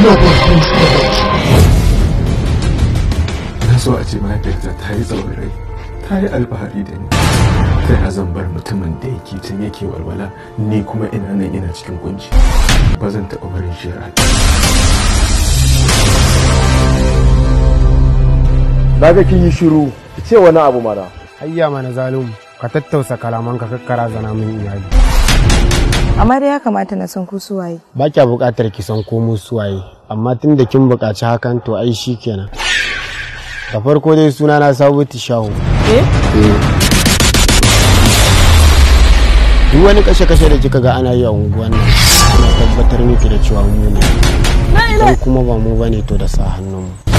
Global Peace Village. Na so a ce mahaifiyarta ta yi tsaurai, ta yi alfahari da ni. Ta ya zan bar mutumin da yake tun yake walwala ni kuma ina nan ina cikin kunci. Ba zan taɓa barin shi Na ga kin yi shiru, ki ce wani abu mana. Hayya mana zalum, ka tattausa kalaman ka kakkara zana min iyali. amma dai ya kamata na san ku suwaye ba kya buƙatar ki san ko mu suwaye amma tun da kin buƙaci hakan to ai shi kenan da farko dai suna na sabu tishahu eh? eh. duk wani kashe-kashe da kika ga ana yi a unguwan nan ana tabbatar miki da cewa mu ne kuma ba mu bane to da sa hannun mu